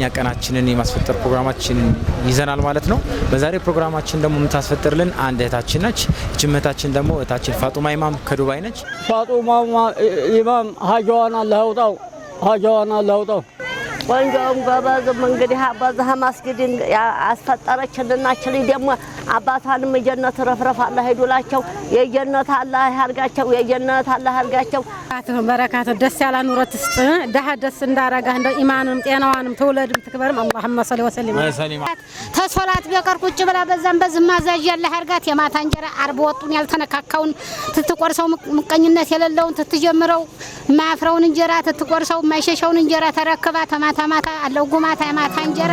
ዘጠነኛ ቀናችንን የማስፈጠር ፕሮግራማችን ይዘናል ማለት ነው። በዛሬ ፕሮግራማችን ደግሞ የምታስፈጥርልን አንድ እህታችን ነች። እህታችን ደግሞ እህታችን ፋጡማ ኢማም ከዱባይ ነች። ፋጡማ ኢማም ሀጃዋን አላህ ያውጣው፣ ሀጃዋን አላህ ያውጣው። ወንጀውን ጎበዝም እንግዲህ በዚህ መስጊድ አስፈጠረችንና ችሊ ደግሞ አባቷንም የጀነት ረፍረፍ አላ ሄዱላቸው የጀነት አላ ያርጋቸው የጀነት አላ ያርጋቸው። በረካቱ ደስ ያላ ኑሮ ትስጥ ደሀ ደስ እንዳረጋ እንደ ኢማንም ጤናዋንም ትውለድም ትክበርም። አላሁመ ሰሊ ወሰሊም ተሶላት በቀር ቁጭ ብላ በዛም በዚህ ማዛዥ ያለ ያርጋት የማታ እንጀራ አርብ ወጡን ያልተነካካውን ትትቆርሰው ምቀኝነት የሌለውን ትትጀምረው ማያፍረውን እንጀራ ትትቆርሰው የማይሸሸውን እንጀራ ተረክባ ተማታ ተማታ አለው ጉማ ተማታ እንጀራ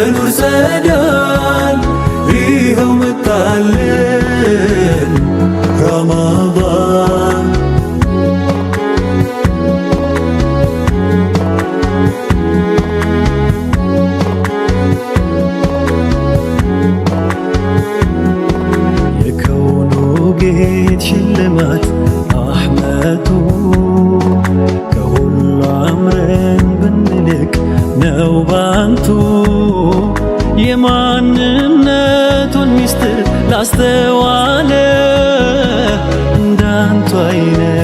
የኑር ሰዳን ይኸው መጣልን ራማ ያስተዋለ እንዳንቱ አይነት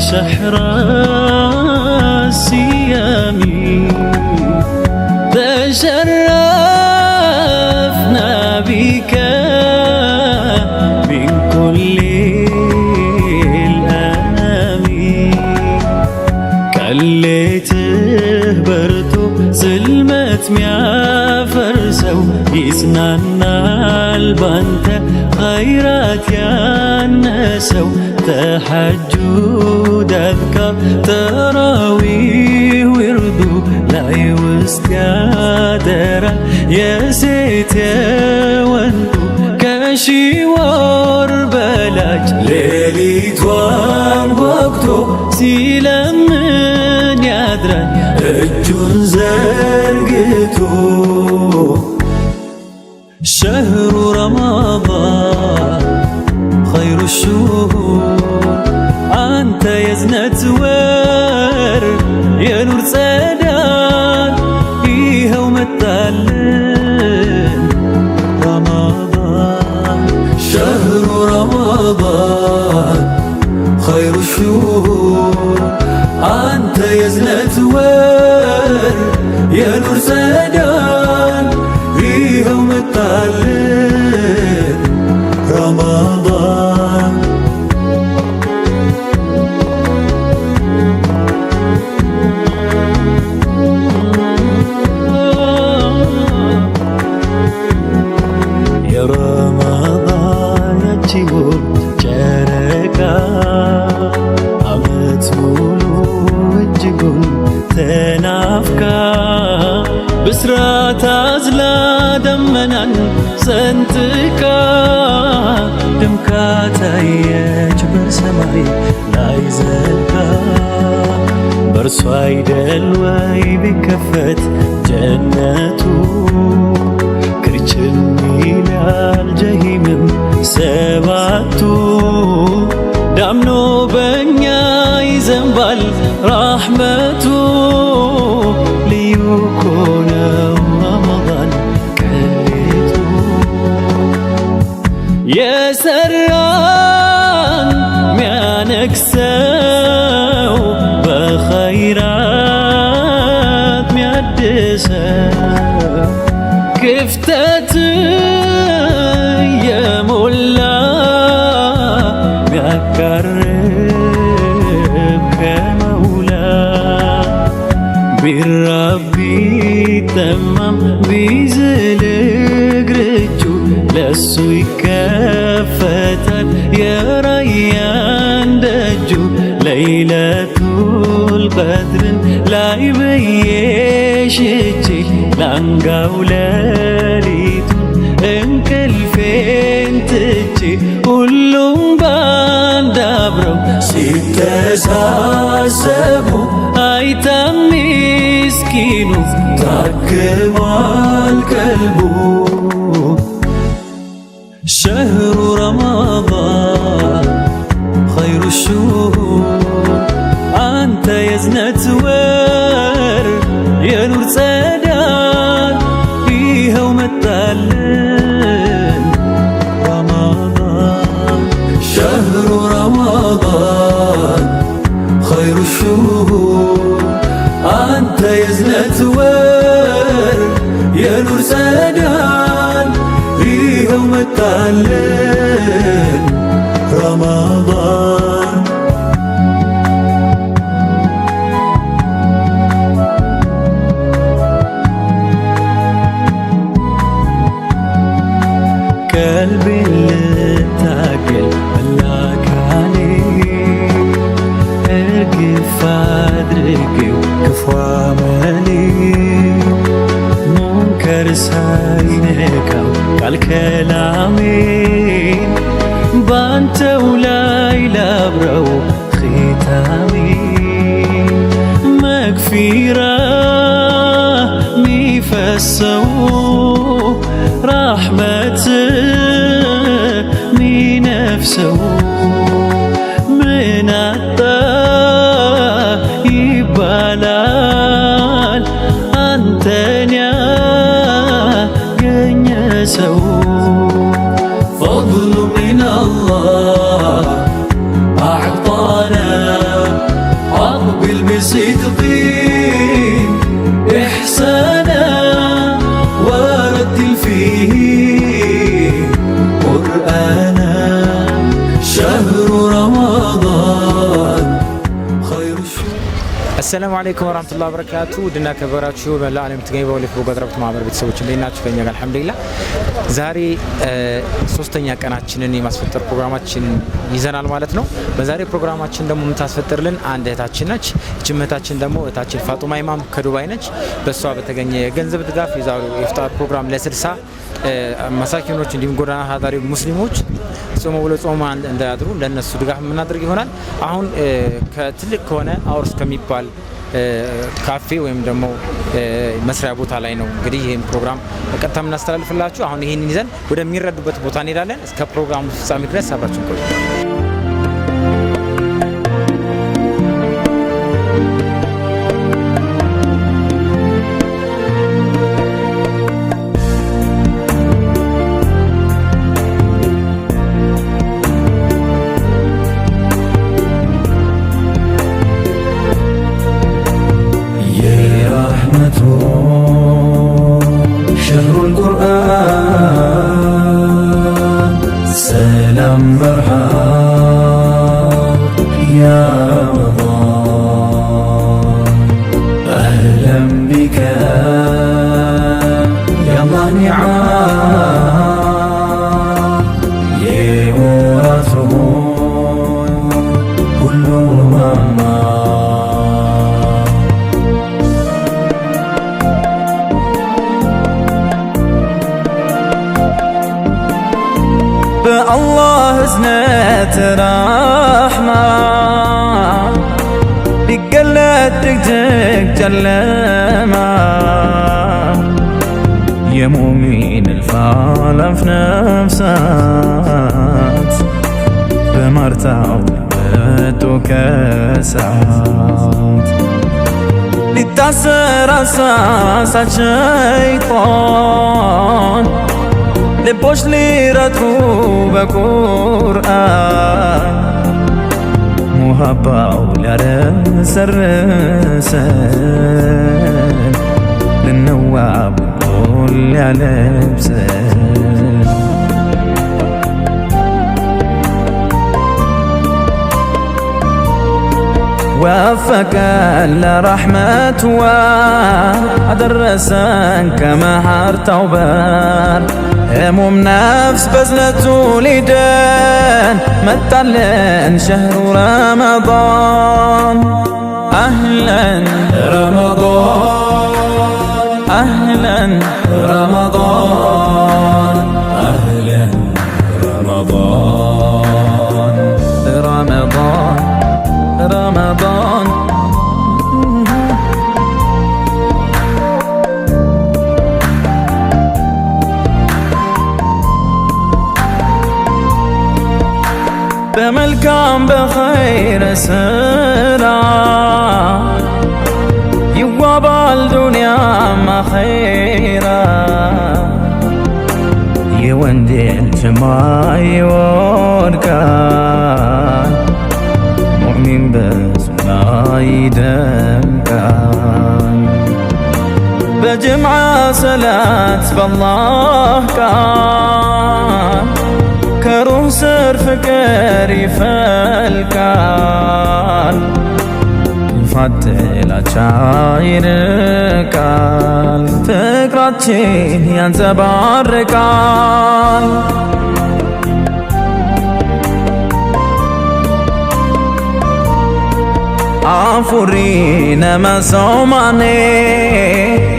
شحر سيامي تشرفنا بك من كل الأنام كليت برتو سلمت ميا فرسو يزنانا البنت خيرات يا نسو تحجو ود اذكار تراويح وردو لعي واستعدرا يا زيت وانتو كاشي وار بلاج ليلي توام وقتو سيلا من يادران اجون زرقتو شهر رمضان خير الشهور انت يزنت ور يا نور صدان ايه تعلم رمضان شهر رمضان ሕይወት ጨረቃ አመት ሙሉ እጅጉን ተናፍቃ ብስራት አዝላ ደመናን ሰንጥቃ ድምቃ ታየች በሰማይ ላይ ዘልቃ በእርሷ አይደል ወይ ቢከፈት ጀነቱ ክርችም ይላል ጀሂምም በእኛ ይዘንባል ራህመቱ ቢራብ ቢጠማም ቢዝል እግርቹ ለሱ ይከፈታል የራያን ደጁ ለይለቱል ቀድርን ላይ በየሽቼ ላንጋው ለሊቱ እንቅልፌን ትቼ ሁሉም ባንድ አብረው ሲተሳሰቡ አይታም ምስኪኑ ታክሟል ቀልቡ ሸህሩ 吗？ረሰው ራሕመት ሚነፍሰው ምናጣ ይባላል አንተን ያገኘ ሰው አሰላሙ አለይኩም ወራህመቱላሂ ወበረካቱ ድና ከበራችሁ በመላ ዓለም የምትገኙ በሁለት በጎ ማህበር ቤተሰቦች እንዴት ናችሁ? ከኛ ጋር አልሐምዱሊላህ። ዛሬ ሶስተኛ ቀናችንን የማስፈጠር ፕሮግራማችንን ይዘናል ማለት ነው። በዛሬ ፕሮግራማችን ደግሞ የምታስፈጥርልን አንድ እህታችን ነች። ይህችም ደግሞ እህታችን ፋጡማ ኢማም ከዱባይ ነች። በእሷ በተገኘ የገንዘብ ድጋፍ የዛሬው የፍጣር ፕሮግራም ለስልሳ መሳኪኖች እንዲሁም ጎዳና ታታሪ ሙስሊሞች ጾመ ብሎ ጾማ እንዳያድሩ ለእነሱ ድጋፍ የምናደርግ ይሆናል። አሁን ከትልቅ ከሆነ አውርስ ከሚባል ካፌ ወይም ደግሞ መስሪያ ቦታ ላይ ነው እንግዲህ ይህን ፕሮግራም በቀጥታ የምናስተላልፍላችሁ። አሁን ይህንን ይዘን ወደሚረዱበት ቦታ እንሄዳለን። እስከ ፕሮግራሙ ፍጻሜ ድረስ አብራችን ቆዩ። يتكلم يا مؤمن الفعل في نفسات بمرتع بتكاسات لتسر أساس الشيطان لبوش لي رتوب قرآن وهباو لرسرسن للنواب كل لبسن وفك لرحمة وعدرسان كما حار توبار هموم نفس بزلة لدار متلين شهر رمضان أهلا رمضان أهلا رمضان أهلا رمضان كان بخير سرا يوابا الدنيا ما خيرا يوندي ما يوركا مؤمن بس ما يدمكا بجمعة صلاة بالله كان በፍቅሩ ስር ፍቅር ይፈልቃል፣ ክፋት ጥላቻ ይርቃል፣ ፍቅራችን ያንጸባርቃል። አፉሪነ መሶማኔ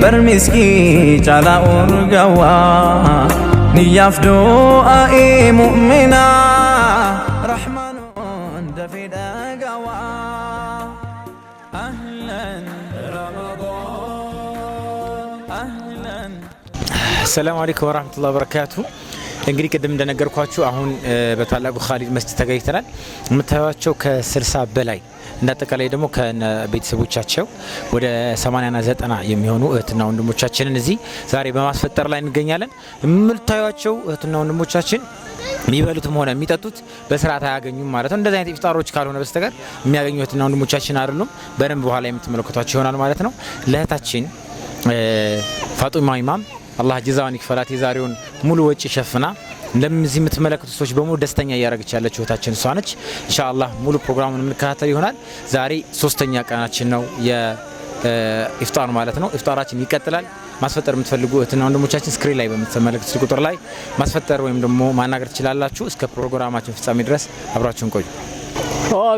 በርሚስኪ ጫላ ኡርገዋ نية في دعائي مؤمنة رحمن دفي قوى أهلا رمضان أهلا السلام عليكم ورحمة الله وبركاته እንግዲህ ቅድም እንደነገርኳችሁ አሁን በታላቁ ካሊድ መስጂድ ተገኝተናል። የምታዩቸው ከስልሳ በላይ እንዳጠቃላይ ደግሞ ከቤተሰቦቻቸው ወደ 80ና 90 የሚሆኑ እህትና ወንድሞቻችንን እዚህ ዛሬ በማስፈጠር ላይ እንገኛለን። የምታዩቸው እህትና ወንድሞቻችን የሚበሉትም ሆነ የሚጠጡት በስርዓት አያገኙም ማለት ነው። እንደዚህ አይነት ኢፍጣሮች ካልሆነ በስተቀር የሚያገኙ እህትና ወንድሞቻችን አይደሉም። በደንብ በኋላ የምትመለከቷቸው ይሆናል ማለት ነው። ለእህታችን ፋጡማ ኢማም አላህ ጅዛዋን ይክፈላት። የዛሬውን ሙሉ ወጪ ሸፍና እንደዚህ የምትመለከቱ ሰዎች በሙሉ ደስተኛ እያደረገች ያለች እህታችን እሷ ነች። ኢንሻአላህ ሙሉ ፕሮግራሙን የምንከታተል ይሆናል። ዛሬ ሶስተኛ ቀናችን ነው የኢፍጣር ማለት ነው። ኢፍጣራችን ይቀጥላል። ማስፈጠር የምትፈልጉ እህትና ወንድሞቻችን ስክሪን ላይ በምትመለከቱት ቁጥር ላይ ማስፈጠር ወይም ደግሞ ማናገር ትችላላችሁ። እስከ ፕሮግራማችን ፍጻሜ ድረስ አብራችሁን ቆዩ።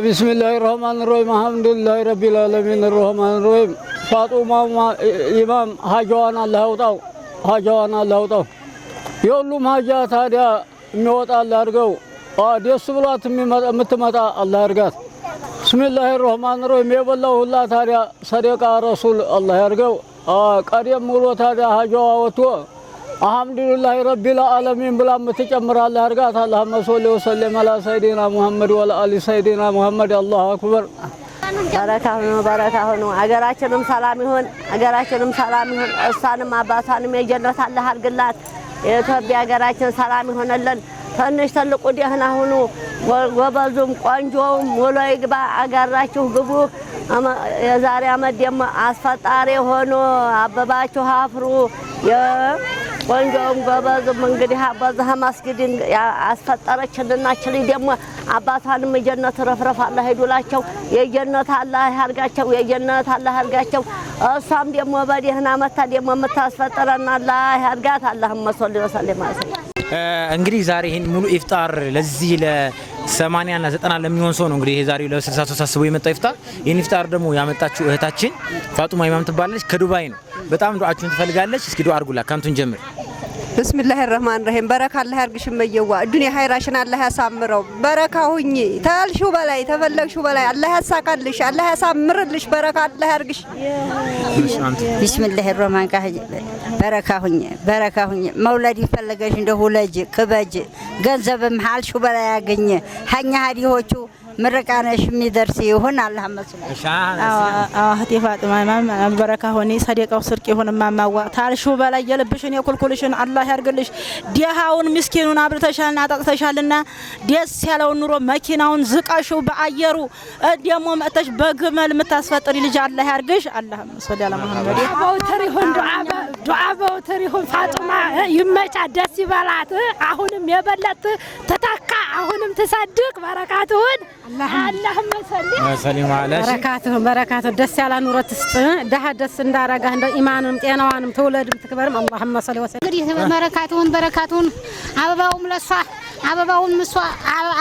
ቢስሚላህ ራህማን ራሂም አልሐምዱሊላህ ረቢል ዓለሚን ራህማን ራሂም ፋጡማ ኢማም ሀጃዋን አላህ ያውጣው ሀጃዋን አላውጣው የሁሉም ሀጃ ታዲያ የሚወጣ አላድርገው ደስ ብሏት የምትመጣ አላድርጋት። ብስሚላህ ረህማን ራሂም የበላው ሁላ ታዲያ ሰደቃ ረሱል አላህ ያድርገው። ቀደም ብሎ ታዲያ ሀጃዋ ወጥቶ አልሐምዱሊላህ ረቢል ዓለሚን ብላ የምትጨምር አላህ ያድርጋት። አላሁመ ሶሊ ወሰሊም አላ ሰይዲና ሙሐመድ ወአሊ ሰይዲና ሙሐመድ። አላሁ አክበር በረካ ሁኑ፣ በረካ ሁኑ። አገራችንም ሰላም ይሁን፣ አገራችንም ሰላም ይሁን። እሷንም አባቷንም የጀነት አላህ አድርግላት። የኢትዮጵያ ሀገራችን ሰላም ይሆነልን። ትንሽ ትልቁ ደህና ሁኑ። ጎበዙም ቆንጆውም ውሎ ይግባ። አገራችሁ ግቡ። የዛሬ አመት ደግሞ አስፈጣሪ ሆኖ አበባችሁ አፍሩ። ቆንጆም ጎበዝም እንግዲህ በዚህ መስጊድ አስፈጠረችልና ችል ደግሞ አባቷንም የጀነት ረፍረፍ አላህ ሄዱላቸው የጀነት አላህ ያርጋቸው የጀነት አላህ አድርጋቸው። እሷም ደግሞ በደህና መታ ደግሞ የምታስፈጥረን አላህ አድርጋት። አላሁመ ሶሊ ወሰሊም ማለት ነው። እንግዲህ ዛሬ ይህን ሙሉ ኢፍጣር ለዚህ ለ80 እና 90 ለሚሆን ሰው ነው እንግዲህ የዛሬው ለ63 አስቦ የመጣው ኢፍጣር። ይህን ኢፍጣር ደግሞ ያመጣችው እህታችን ፋጡማ ኢማም ትባላለች። ከዱባይ ነው። በጣም ዱዓችሁን ትፈልጋለች። እስኪ ዱዓ አርጉላ ከአንቱን ጀምር ብስሚላህ ረህማን ረሂም በረካ አላህ ያርግሽ እመየዋ እዱንያ ሀይራሽን አላህ ያሳምረው። በረካ ሁኚ ታልሽው በላይ ተፈለግሽው በላይ አላህ ያሳካልሽ፣ አላህ ያሳምርልሽ። በረካ አላህ ያርግሽ። ብስሚላህ ረህማን በረካ ሁኚ በረካ ሁኚ መውለድ ይፈለገሽ እንደ ሁለጅ ክበጅ ገንዘብም ሀልሽው በላይ ያገኘ ሀኛ ሀዲሆቹ ምርቃነሽ የሚደርስ ይሁን። አላህ መስላል እህቴ ፋጥማ ማም በረካ ሆኒ ሰደቃው ስርቅ ይሁን ማማዋ ታልሹ በላይ የልብሽን የኩልኩልሽን አላህ ያርግልሽ። ድሃውን ምስኪኑን አብልተሻልና አጣጥተሻልና ደስ ያለውን ኑሮ መኪናውን ዝቀሹ በአየሩ ደግሞ መጥተሽ በግመል የምታስፈጥሪ ልጅ አላህ ያርግሽ። አላህ መስላል ያለ መሐመድ አባውተር ይሁን ዱዓ በውተር ይሁን ፋጡማ ይመቻ፣ ደስ ይበላት። አሁንም የበለት ትተካ፣ አሁንም ትሰድቅ፣ በረካት በረካትህ በረካትህ ደስ ያላ ኑሮ ትስጥ ደሀ ደስ እንዳረጋህ እንደ ኢማንም ጤናዋንም ትውለድም ትክበርም። አላሁመ ሰሊ ወሰለም እንግዲህ በረካትሁን በረካትሁን አበባውም ለሷ አበባውን ምሷ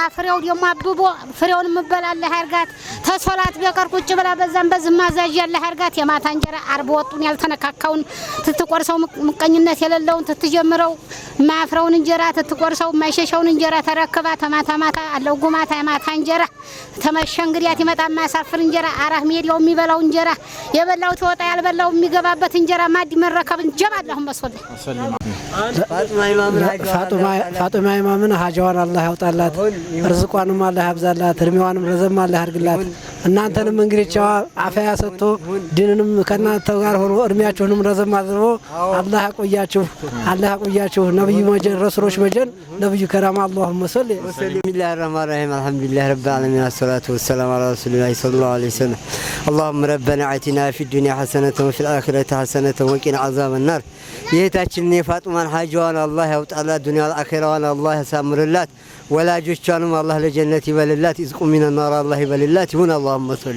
አፍሬው ደግሞ አብቦ ፍሬውን ምበላለ ሀርጋት ተሶላት በቀር ቁጭ ብላ በዛም በዝ ማዛዥ ያለ ሀርጋት የማታ እንጀራ አርብ ወጡን ያልተነካካውን ትትቆርሰው ምቀኝነት የሌለውን ትትጀምረው ማፍረውን እንጀራ ትትቆርሰው ማይሸሸውን እንጀራ ተረክባ ተማታ ማታ አለው ጉማታ የማታ እንጀራ ተመሸ እንግዲያት ይመጣ የማያሳፍር እንጀራ አራህ ሜዲያው የሚበላው እንጀራ የበላው ተወጣ ያልበላው የሚገባበት እንጀራ ማዲ መረከብ ጀባ አላሁም መሶላ ፋጡማ ኢማምን ሀጃዋን አላህ ያውጣላት፣ ርዝቋንም አላህ ያብዛላት፣ እድሜዋንም ረዘም አላህ ያድርግላት። እናንተንም እንግዲህ ጨዋ አፈያ ሰጥቶ ድንንም ከእናንተ ጋር ሆኖ እድሜያችሁንም ረዘም አድርጎ አላህ ያቆያችሁ፣ አላህ ያቆያችሁ። ነብዩ መጀን ረሱሎች መጀን ነብዩ ከራማ አላሁመ ሰል ሚላህ ረህማን ረሂም አልሐምዱሊላህ ረብ ዓለሚን አሰላቱ ወሰላም አላ ረሱሊላህ ሰለላሁ ዐለይሂ ወሰለም አላሁመ ረበና አቲና ፊ ዱኒያ ሐሰነተን ወፊል አኺረቲ ሐሰነተን ወቂና አዛበ ናር። የእህታችንን የፋጡማን ሀጅዋን አላህ ያውጣላት፣ ዱኒያ አኺራዋን አላህ ያሳምርላት። ولا جشان الله لجنتي بل الله اللاتي من النار الله بل الله هنا اللهم صل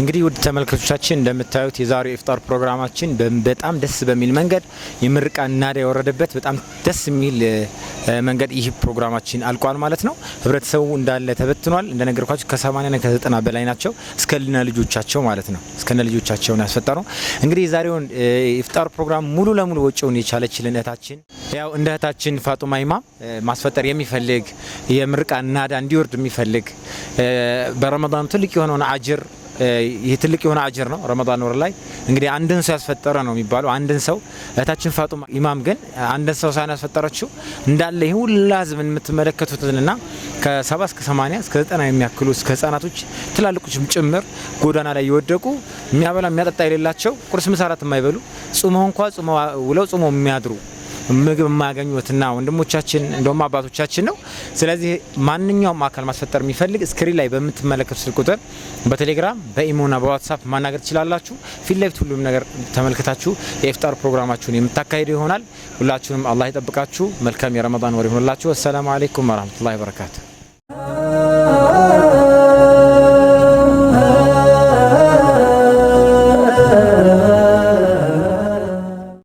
እንግዲህ ውድ ተመልካቾቻችን እንደምታዩት የዛሬው ኢፍጣር ፕሮግራማችን በጣም ደስ በሚል መንገድ የምርቃ ናዳ የወረደበት በጣም ደስ የሚል መንገድ ይህ ፕሮግራማችን አልቋል ማለት ነው። ህብረተሰቡ እንዳለ ተበትኗል። እንደነገርኳችሁ ከ80ና ከ90 በላይ ናቸው። እስከነ ልጆቻቸው ማለት ነው። እስከነ ልጆቻቸው ነው እንግዲህ የዛሬውን ኢፍጣር ፕሮግራም ሙሉ ለሙሉ ወጪውን የቻለችልን እህታችን ያው እንደ እህታችን ፋጡማ ይማ ማስፈጠር የሚፈልግ የምርቃ ናዳ እንዲወርድ የሚፈልግ በረመዳን ትልቅ የሆነውን አጅር ይህ ትልቅ የሆነ አጅር ነው። ረመዳን ወር ላይ እንግዲህ አንድን ሰው ያስፈጠረ ነው የሚባለው። አንድን ሰው እህታችን ፋጡማ ኢማም ግን አንድን ሰው ሳይሆን ያስፈጠረችው እንዳለ ይህ ሁላ ህዝብ የምትመለከቱትንና ከሰባ እስከ ሰማንያ እስከ ዘጠና የሚያክሉ እስከ ህጻናቶች ትላልቆችም ጭምር ጎዳና ላይ የወደቁ የሚያበላ የሚያጠጣ የሌላቸው ቁርስ ምሳራት የማይበሉ ጾመው እንኳ ውለው ጾመው የሚያድሩ ምግብ የማያገኙትና ወንድሞቻችን እንደውም አባቶቻችን ነው። ስለዚህ ማንኛውም አካል ማስፈጠር የሚፈልግ ስክሪን ላይ በምትመለከቱ ስልክ ቁጥር በቴሌግራም በኢሞና በዋትሳፕ ማናገር ትችላላችሁ። ፊት ለፊት ሁሉም ነገር ተመልክታችሁ የኢፍጣር ፕሮግራማችሁን የምታካሂዱ ይሆናል። ሁላችሁንም አላህ ይጠብቃችሁ። መልካም የረመዳን ወር ይሆንላችሁ። አሰላሙ አለይኩም ወረህመቱላሂ ወበረካቱ።